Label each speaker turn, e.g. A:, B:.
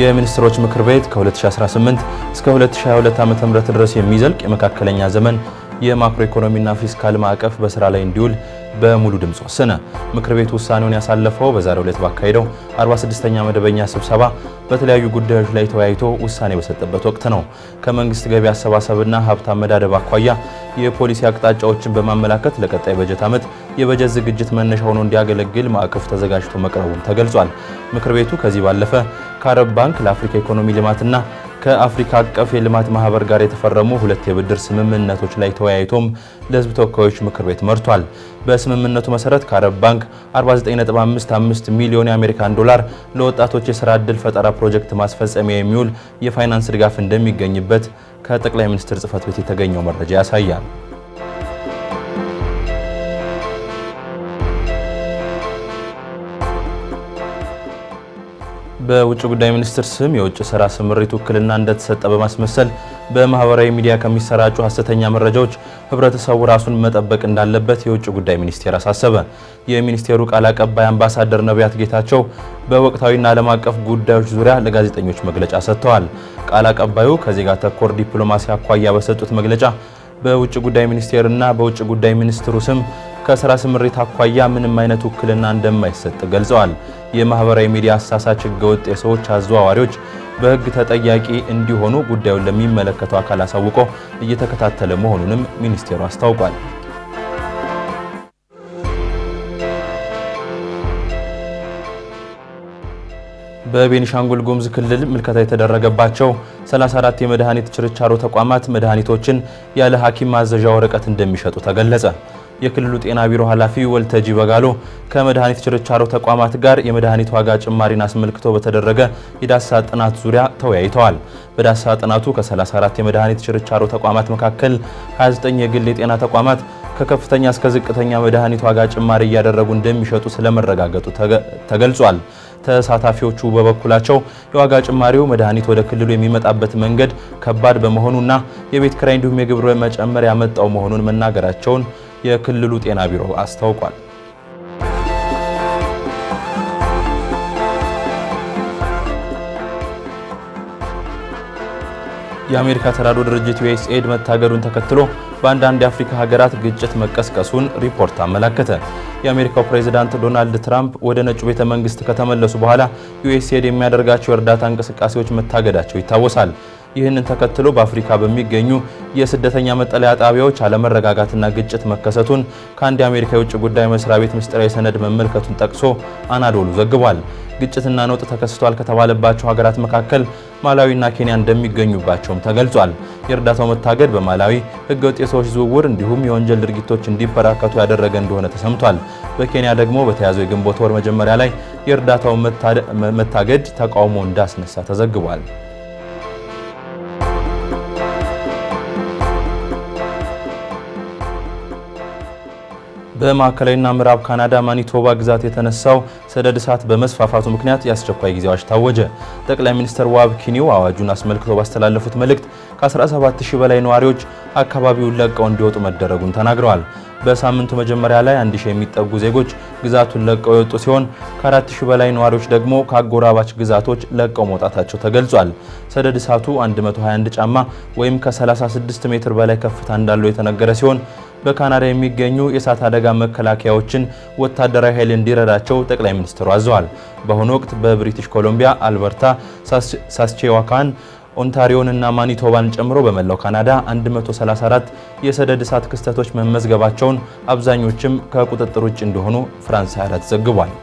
A: የሚኒስትሮች ምክር ቤት ከ2018 እስከ 2022 ዓ.ም ድረስ የሚዘልቅ የመካከለኛ ዘመን የማክሮ ኢኮኖሚና ፊስካል ማዕቀፍ በስራ ላይ እንዲውል በሙሉ ድምፅ ወሰነ። ምክር ቤቱ ውሳኔውን ያሳለፈው በዛሬው ዕለት ባካሄደው 46ኛ መደበኛ ስብሰባ በተለያዩ ጉዳዮች ላይ ተወያይቶ ውሳኔ በሰጠበት ወቅት ነው። ከመንግስት ገቢ አሰባሰብና ሀብት አመዳደብ አኳያ የፖሊሲ አቅጣጫዎችን በማመላከት ለቀጣይ በጀት ዓመት የበጀት ዝግጅት መነሻ ሆኖ እንዲያገለግል ማዕቀፍ ተዘጋጅቶ መቅረቡም ተገልጿል። ምክር ቤቱ ከዚህ ባለፈ ከአረብ ባንክ ለአፍሪካ ኢኮኖሚ ልማትና ከአፍሪካ አቀፍ የልማት ማህበር ጋር የተፈረሙ ሁለት የብድር ስምምነቶች ላይ ተወያይቶም ለህዝብ ተወካዮች ምክር ቤት መርቷል። በስምምነቱ መሰረት ከአረብ ባንክ 49.55 ሚሊዮን የአሜሪካን ዶላር ለወጣቶች የስራ ዕድል ፈጠራ ፕሮጀክት ማስፈጸሚያ የሚውል የፋይናንስ ድጋፍ እንደሚገኝበት ከጠቅላይ ሚኒስትር ጽህፈት ቤት የተገኘው መረጃ ያሳያል። በውጭ ጉዳይ ሚኒስቴር ስም የውጭ ስራ ስምሪት ውክልና እንደተሰጠ በማስመሰል በማህበራዊ ሚዲያ ከሚሰራጩ ሀሰተኛ መረጃዎች ህብረተሰቡ ራሱን መጠበቅ እንዳለበት የውጭ ጉዳይ ሚኒስቴር አሳሰበ። የሚኒስቴሩ ቃል አቀባይ አምባሳደር ነቢያት ጌታቸው በወቅታዊና ዓለም አቀፍ ጉዳዮች ዙሪያ ለጋዜጠኞች መግለጫ ሰጥተዋል። ቃል አቀባዩ ከዜጋ ተኮር ዲፕሎማሲ አኳያ በሰጡት መግለጫ በውጭ ጉዳይ ሚኒስቴርና በውጭ ጉዳይ ሚኒስትሩ ስም ከስራ ስምሪት አኳያ ምንም አይነት ውክልና እንደማይሰጥ ገልጸዋል። የማህበራዊ ሚዲያ አሳሳች ህገወጥ የሰዎች አዘዋዋሪዎች በህግ ተጠያቂ እንዲሆኑ ጉዳዩን ለሚመለከተው አካል አሳውቆ እየተከታተለ መሆኑንም ሚኒስቴሩ አስታውቋል። በቤኒሻንጉል ጉሙዝ ክልል ምልከታ የተደረገባቸው 34 የመድኃኒት ችርቻሮ ተቋማት መድኃኒቶችን ያለ ሐኪም ማዘዣ ወረቀት እንደሚሸጡ ተገለጸ። የክልሉ ጤና ቢሮ ኃላፊ ወልተጂ በጋሎ ከመድኃኒት ችርቻሮ ተቋማት ጋር የመድኃኒት ዋጋ ጭማሪን አስመልክቶ በተደረገ የዳሰሳ ጥናት ዙሪያ ተወያይተዋል። በዳሰሳ ጥናቱ ከ34 የመድኃኒት ችርቻሮ ተቋማት መካከል 29 የግል የጤና ተቋማት ከከፍተኛ እስከ ዝቅተኛ መድኃኒት ዋጋ ጭማሪ እያደረጉ እንደሚሸጡ ስለመረጋገጡ ተገልጿል። ተሳታፊዎቹ በበኩላቸው የዋጋ ጭማሪው መድኃኒት ወደ ክልሉ የሚመጣበት መንገድ ከባድ በመሆኑና የቤት ክራይ እንዲሁም የግብር መጨመር ያመጣው መሆኑን መናገራቸውን የክልሉ ጤና ቢሮ አስታውቋል። የአሜሪካ ተራድኦ ድርጅት ዩኤስኤድ መታገዱን ተከትሎ በአንዳንድ የአፍሪካ ሀገራት ግጭት መቀስቀሱን ሪፖርት አመላከተ። የአሜሪካው ፕሬዚዳንት ዶናልድ ትራምፕ ወደ ነጩ ቤተ መንግስት ከተመለሱ በኋላ ዩኤስኤድ የሚያደርጋቸው የእርዳታ እንቅስቃሴዎች መታገዳቸው ይታወሳል። ይህንን ተከትሎ በአፍሪካ በሚገኙ የስደተኛ መጠለያ ጣቢያዎች አለመረጋጋትና ግጭት መከሰቱን ከአንድ የአሜሪካ የውጭ ጉዳይ መስሪያ ቤት ምስጢራዊ ሰነድ መመልከቱን ጠቅሶ አናዶሉ ዘግቧል። ግጭትና ነውጥ ተከስቷል ከተባለባቸው ሀገራት መካከል ማላዊና ኬንያ እንደሚገኙባቸውም ተገልጿል። የእርዳታው መታገድ በማላዊ ህገወጥ የሰዎች ዝውውር እንዲሁም የወንጀል ድርጊቶች እንዲበራከቱ ያደረገ እንደሆነ ተሰምቷል። በኬንያ ደግሞ በተያዘው የግንቦት ወር መጀመሪያ ላይ የእርዳታው መታገድ ተቃውሞ እንዳስነሳ ተዘግቧል። በማዕከላዊና ምዕራብ ካናዳ ማኒቶባ ግዛት የተነሳው ሰደድ እሳት በመስፋፋቱ ምክንያት የአስቸኳይ ጊዜ አዋጅ ታወጀ። ጠቅላይ ሚኒስትር ዋብ ኪኒው አዋጁን አስመልክቶ ባስተላለፉት መልእክት ከ17000 በላይ ነዋሪዎች አካባቢውን ለቀው እንዲወጡ መደረጉን ተናግረዋል። በሳምንቱ መጀመሪያ ላይ 1000 የሚጠጉ ዜጎች ግዛቱን ለቀው የወጡ ሲሆን ከ4000 በላይ ነዋሪዎች ደግሞ ከአጎራባች ግዛቶች ለቀው መውጣታቸው ተገልጿል። ሰደድ እሳቱ 121 ጫማ ወይም ከ36 ሜትር በላይ ከፍታ እንዳለው የተነገረ ሲሆን በካናዳ የሚገኙ የእሳት አደጋ መከላከያዎችን ወታደራዊ ኃይል እንዲረዳቸው ጠቅላይ ሚኒስትሩ አዘዋል። በአሁኑ ወቅት በብሪቲሽ ኮሎምቢያ፣ አልበርታ፣ ሳስቼዋካን ኦንታሪዮን እና ማኒቶባን ጨምሮ በመላው ካናዳ 134 የሰደድ እሳት ክስተቶች መመዝገባቸውን አብዛኞችም ከቁጥጥር ውጭ እንደሆኑ ፍራንስ 24 ዘግቧል።